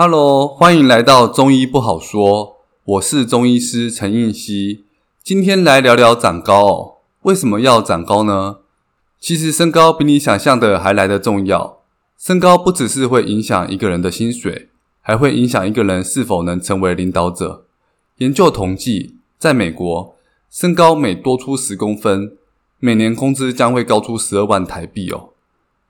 Hello，歡迎來到中醫不好說，我是中醫師陳應希。今天來聊聊長高哦。為什麼要長高呢？其實身高比你想象的還來得重要。身高不只是會影響一個人的薪水，還會影響一個人是否能成為領導者。研究統計，在美國，身高每多出十公分，每年工資將會高出十二萬台幣哦。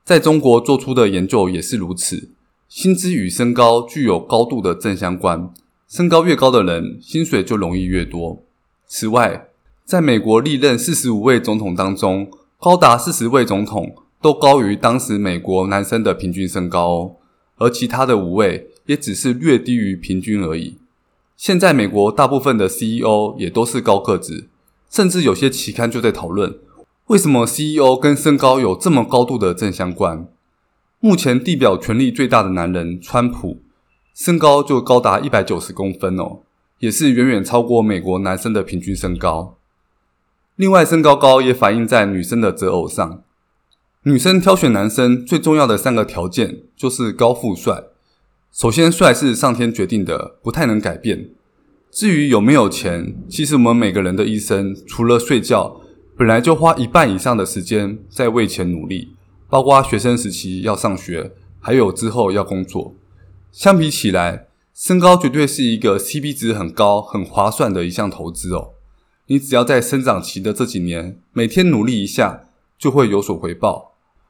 在中國做出的研究也是如此。薪資與身高具有高度的正相關，身高越高的人，薪水就容易越多。此外，在美國歷任四十五位總統當中，高達四十位總統都高於當時美國男生的平均身高哦，而其他的五位也只是略低於平均而已。現在美國大部分的 CEO 也都是高個子，甚至有些期刊就在討論，為什麼 CEO 跟身高有這麼高度的正相關。目前地表權力最大的男人川普，身高就高達一百九十公分哦，也是遠遠超過美國男生的平均身高。另外，身高高也反映在女生的擇偶上。女生挑選男生最重要的三個條件就是高富帥。首先，帥是上天決定的，不太能改變。至於有沒有錢，其實我們每個人的一生，除了睡覺，本來就花一半以上的時間在為錢努力。包括學生時期要上學，還有之後要工作。相比起來，身高絕對是一個 CP 值很高、很划算的一項投資哦。你只要在生長期的這幾年每天努力一下，就會有所回報，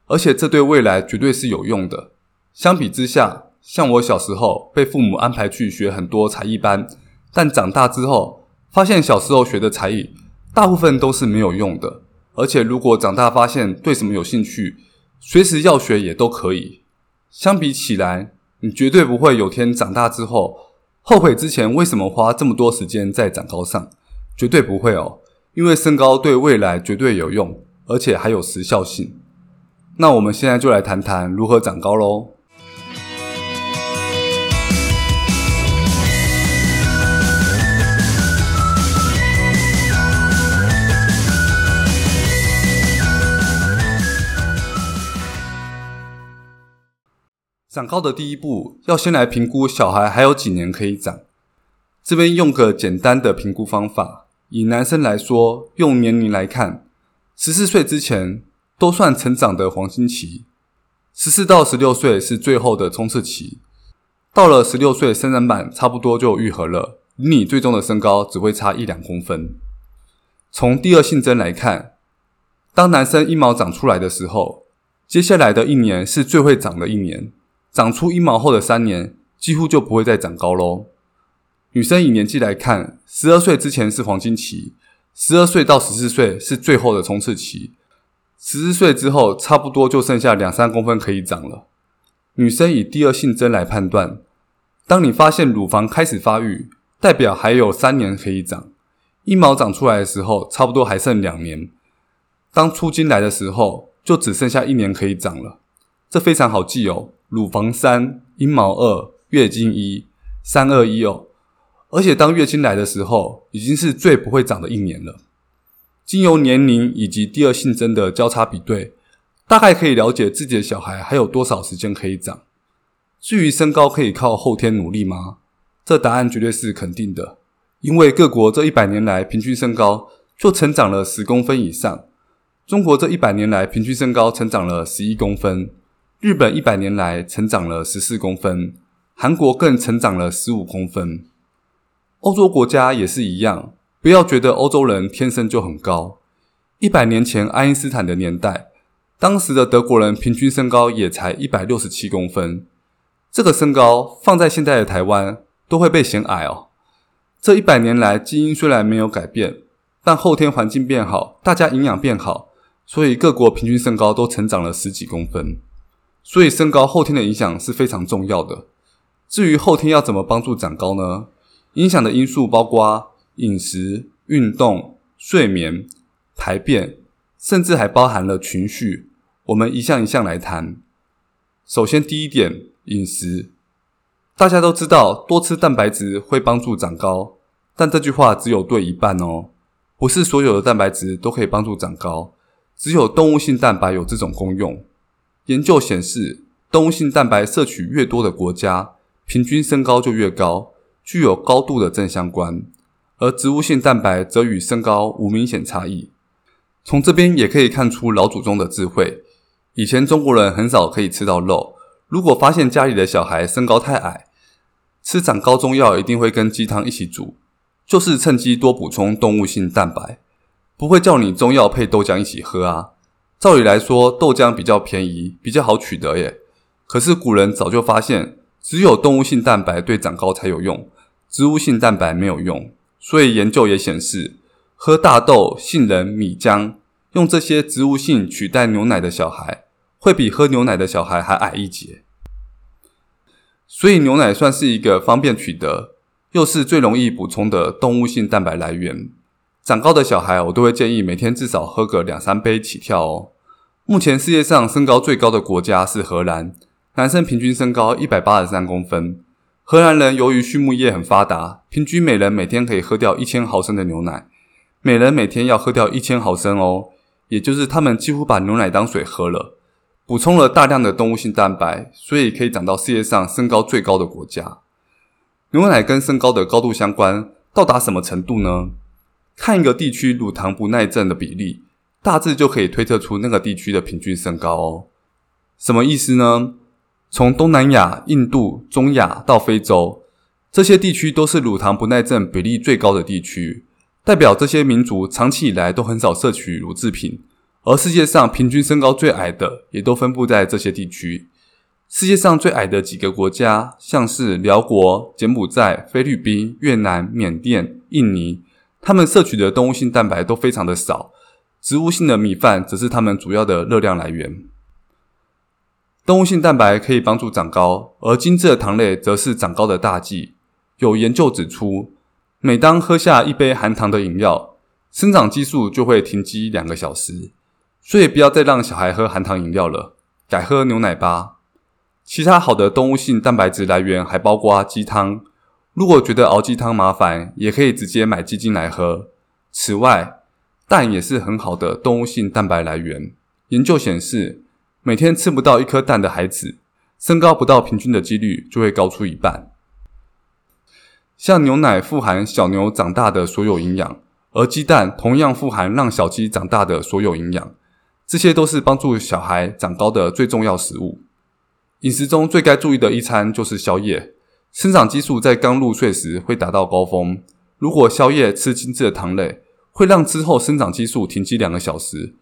而且這對未來絕對是有用的。相比之下，像我小時候被父母安排去學很多才藝班，但長大之後發現小時候學的才藝大部分都是沒有用的，而且如果長大發現對什麼有興趣，隨時要學也都可以。相比起來，你絕對不會有天長大之後後悔之前為什麼花這麼多時間在長高上，絕對不會哦。因為身高對未來絕對有用，而且還有時效性。那我們現在就來談談如何長高囉。長高的第一步，要先來評估小孩還有幾年可以長。這邊用個簡單的評估方法，以男生來說，用年齡來看，十四歲之前都算成長的黃金期，十四到十六歲是最後的衝刺期。到了十六歲，生長板差不多就癒合了，離你最終的身高只會差一兩公分。從第二性徵來看，當男生陰毛長出來的時候，接下來的一年是最會長的一年。長出陰毛後的三年，幾乎就不會再長高嘍。女生以年紀來看，十二歲之前是黃金期，十二歲到十四歲是最後的衝刺期，十四歲之後差不多就剩下兩三公分可以長了。女生以第二性徵來判斷，當你發現乳房開始發育，代表還有三年可以長；陰毛長出來的時候，差不多還剩兩年；當初經來的時候，就只剩下一年可以長了。這非常好記哦，乳房三，陰毛二，月經一，三二一哦。而且當月經來的時候，已經是最不會長的一年了。經由年齡以及第二性徵的交叉比對，大概可以了解自己的小孩還有多少時間可以長。至於身高可以靠後天努力嗎？這答案絕對是肯定的，因為各國這一百年來平均身高就成長了十公分以上，中國這一百年來平均身高成長了十一公分。日本一百年來成長了十四公分，韓國更成長了十五公分。歐洲國家也是一樣，不要覺得歐洲人天生就很高。一百年前愛因斯坦的年代，當時的德國人平均身高也才一百六十七公分。這個身高放在現在的台灣都會被嫌矮哦。這一百年來，基因雖然沒有改變，但後天環境變好，大家營養變好，所以各國平均身高都成長了十幾公分。所以，身高後天的影響是非常重要的。至於後天要怎麼幫助長高呢？影響的因素包括飲食、運動、睡眠、排便，甚至還包含了情緒。我們一項一項來談。首先，第一點，飲食。大家都知道，多吃蛋白質會幫助長高，但這句話只有對一半哦。不是所有的蛋白質都可以幫助長高，只有動物性蛋白有這種功用。研究顯示，動物性蛋白攝取越多的國家，平均身高就越高，具有高度的正相關；而植物性蛋白則與身高無明顯差異。從這邊也可以看出老祖宗的智慧。以前中國人很少可以吃到肉，如果發現家裡的小孩身高太矮，吃長高中藥一定會跟雞湯一起煮，就是趁機多補充動物性蛋白，不會叫你中藥配豆漿一起喝啊。照理來說，豆漿比較便宜，比較好取得耶。可是古人早就發現，只有動物性蛋白對長高才有用，植物性蛋白沒有用。所以研究也顯示，喝大豆、杏仁、米漿，用這些植物性取代牛奶的小孩，會比喝牛奶的小孩還矮一截。所以牛奶算是一個方便取得，又是最容易補充的動物性蛋白來源。長高的小孩，我都會建議每天至少喝個兩三杯起跳哦。目前世界上身高最高的國家是荷蘭，男生平均身高一百八十三公分。荷蘭人由於畜牧業很發達，平均每人每天可以喝掉一千毫升的牛奶，每人每天要喝掉一千毫升哦，也就是他們幾乎把牛奶當水喝了，補充了大量的動物性蛋白，所以可以長到世界上身高最高的國家。牛奶跟身高的高度相關，到達什麼程度呢？看一個地區乳糖不耐症的比例，大致就可以推測出那個地區的平均身高哦。什麼意思呢？從東南亞、印度、中亞到非洲，這些地區都是乳糖不耐症比例最高的地區，代表這些民族長期以來都很少攝取乳製品。而世界上平均身高最矮的，也都分布在這些地區。世界上最矮的幾個國家，像是寮國、柬埔寨、菲律賓、律賓越南、緬甸、印尼。他們攝取的動物性蛋白都非常的少，植物性的米飯則是他們主要的熱量來源。動物性蛋白可以幫助長高，而精製的糖類則是長高的大忌。有研究指出，每當喝下一杯含糖的飲料，生長激素就會停機兩個小時。所以不要再讓小孩喝含糖飲料了，改喝牛奶吧。其他好的動物性蛋白質來源還包括雞湯。如果覺得熬雞湯麻煩，也可以直接買雞精來喝。此外，蛋也是很好的動物性蛋白來源。研究顯示，每天吃不到一顆蛋的孩子，身高不到平均的幾率就會高出一半。像牛奶富含小牛長大的所有營養，而雞蛋同樣富含讓小雞長大的所有營養，這些都是幫助小孩長高的最重要食物。飲食中最該注意的一餐就是宵夜。生長激素在剛入睡時會達到高峰，如果宵夜吃精致的糖類，會讓之後生長激素停機兩個小時，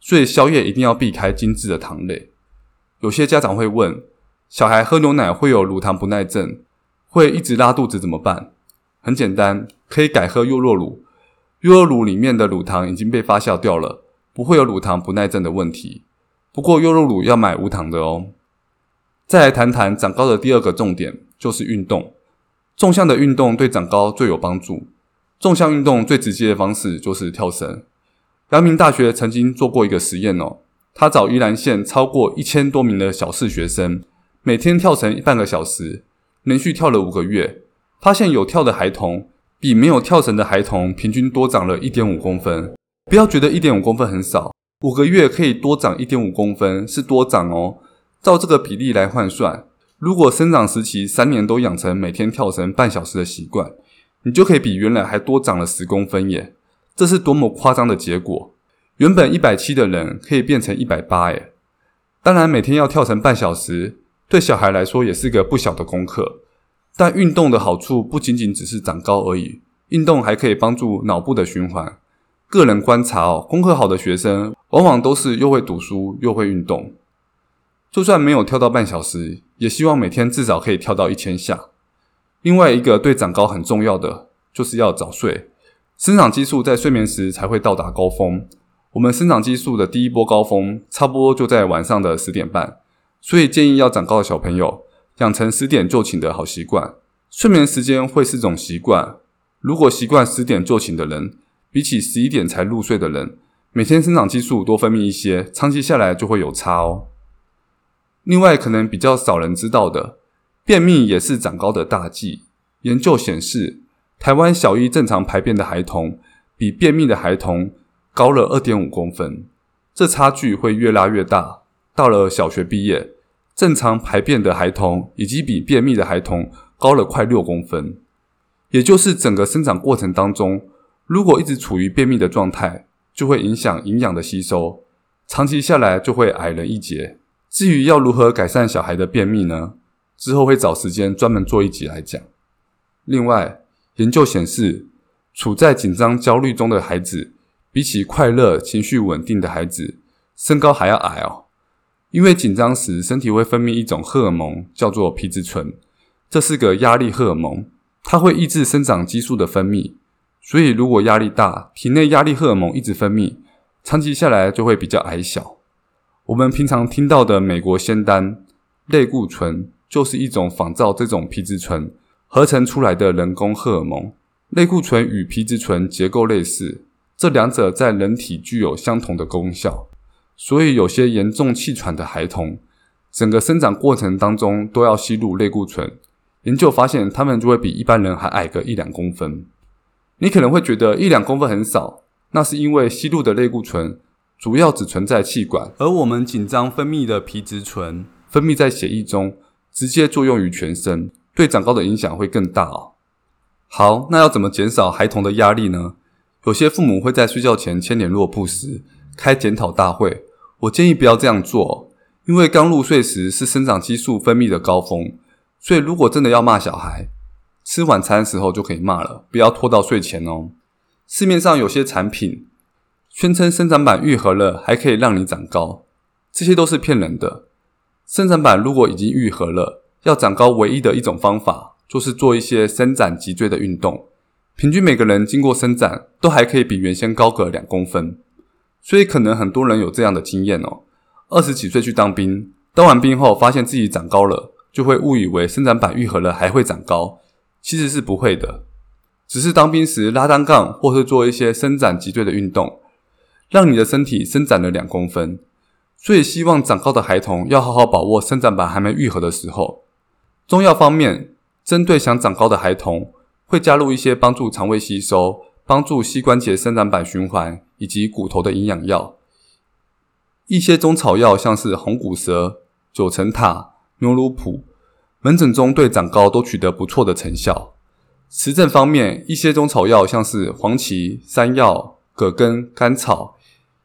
所以宵夜一定要避開精致的糖類。有些家長會問，小孩喝牛奶會有乳糖不耐症，會一直拉肚子怎麼辦？很簡單，可以改喝優酪乳，優酪乳裡面的乳糖已經被發酵掉了，不會有乳糖不耐症的問題。不過優酪乳要買無糖的哦。再來談談長高的第二個重點。就是運動，縱向的運動對長高最有幫助。縱向運動最直接的方式就是跳繩。陽明大學曾經做過一個實驗哦，他找宜蘭縣超過一千多名的小四學生，每天跳繩半個小時，連續跳了五個月，發現有跳的孩童比沒有跳繩的孩童平均多長了一點五公分。不要覺得一點五公分很少，五個月可以多長一點五公分，是多長哦。照這個比例來換算。如果生長時期三年都養成每天跳繩半小時的習慣，你就可以比原來還多長了十公分耶！這是多麼誇張的結果！原本一百七的人可以變成一百八耶！當然，每天要跳繩半小時，對小孩來說也是個不小的功課。但運動的好處不僅僅只是長高而已，運動還可以幫助腦部的循環。個人觀察哦，功課好的學生往往都是又會讀書，又會運動。就算沒有跳到半小時，也希望每天至少可以跳到一千下。另外一個對長高很重要的，就是要早睡。生長激素在睡眠時才會到達高峰。我們生長激素的第一波高峰差不多就在晚上的十點半，所以建議要長高的小朋友養成十點就寢的好習慣。睡眠時間會是種習慣，如果習慣十點就寢的人，比起十一點才入睡的人，每天生長激素多分泌一些，長期下來就會有差哦。另外，可能比較少人知道的，便秘也是長高的大忌。研究顯示，台灣小一正常排便的孩童比便秘的孩童高了二點五公分，這差距會越拉越大。到了小學畢業，正常排便的孩童已經比便秘的孩童高了快六公分。也就是整個生長過程當中，如果一直處於便秘的狀態，就會影響營養的吸收，長期下來就會矮人一截。至於要如何改善小孩的便秘呢？之後會找時間專門做一集來講。另外，研究顯示，處在緊張焦慮中的孩子，比起快樂、情緒穩定的孩子，身高還要矮哦。因為緊張時，身體會分泌一種荷爾蒙，叫做皮質醇，這是個壓力荷爾蒙，它會抑制生長激素的分泌。所以，如果壓力大，體內壓力荷爾蒙一直分泌，長期下來就會比較矮小。我們平常聽到的美國仙丹、類固醇，就是一種仿造這種皮質醇合成出來的人工荷爾蒙。類固醇與皮質醇結構類似，這兩者在人體具有相同的功效。所以，有些嚴重氣喘的孩童，整個生長過程當中都要吸入類固醇。研究發現，他們就會比一般人還矮個一兩公分。你可能會覺得一兩公分很少，那是因為吸入的類固醇。主要只存在氣管，而我們緊張分泌的皮質醇分泌在血液中，直接作用於全身，對長高的影響會更大哦。好，那要怎麼減少孩童的壓力呢？有些父母會在睡覺前牽連落鋪時開檢討大會，我建議不要這樣做哦，因為剛入睡時是生長激素分泌的高峰，所以如果真的要罵小孩，吃晚餐的時候就可以罵了，不要拖到睡前哦。市面上有些產品。宣稱生長板愈合了還可以讓你長高，這些都是騙人的。生長板如果已經愈合了，要長高唯一的一種方法就是做一些伸展脊椎的運動。平均每個人經過伸展，都還可以比原先高個兩公分。所以可能很多人有這樣的經驗哦：二十幾歲去當兵，當完兵後發現自己長高了，就會誤以為生長板愈合了還會長高，其實是不會的，只是當兵時拉單槓或是做一些伸展脊椎的運動。讓你的身體伸展了兩公分，所以希望長高的孩童要好好把握生長板還沒愈合的時候。中藥方面，針對想長高的孩童，會加入一些幫助腸胃吸收、幫助膝關節生長板循環以及骨頭的營養藥。一些中草藥像是紅骨蛇、九層塔、牛乳朴，門診中對長高都取得不錯的成效。持證方面，一些中草藥像是黃芪、山藥、葛根、甘草。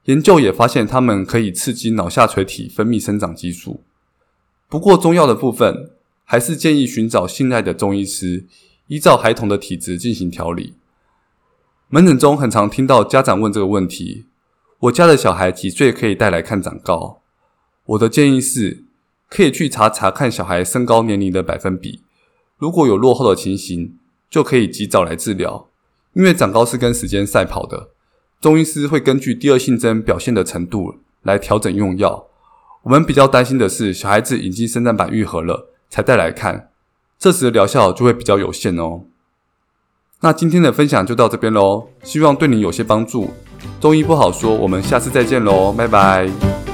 研究也發現，它們可以刺激腦下垂體分泌生長激素。不過，中藥的部分還是建議尋找信賴的中醫師，依照孩童的體質進行調理。門診中很常聽到家長問這個問題：我家的小孩幾歲可以帶來看長高？我的建議是，可以去查查看小孩身高年齡的百分比，如果有落後的情形，就可以及早來治療，因為長高是跟時間賽跑的。中醫師會根據第二性徵表現的程度來調整用藥。我們比較擔心的是，小孩子已經生長板癒合了才帶來看，這時療效就會比較有限哦。那今天的分享就到這邊嘍，希望對你有些幫助。中醫不好說，我們下次再見嘍，拜拜。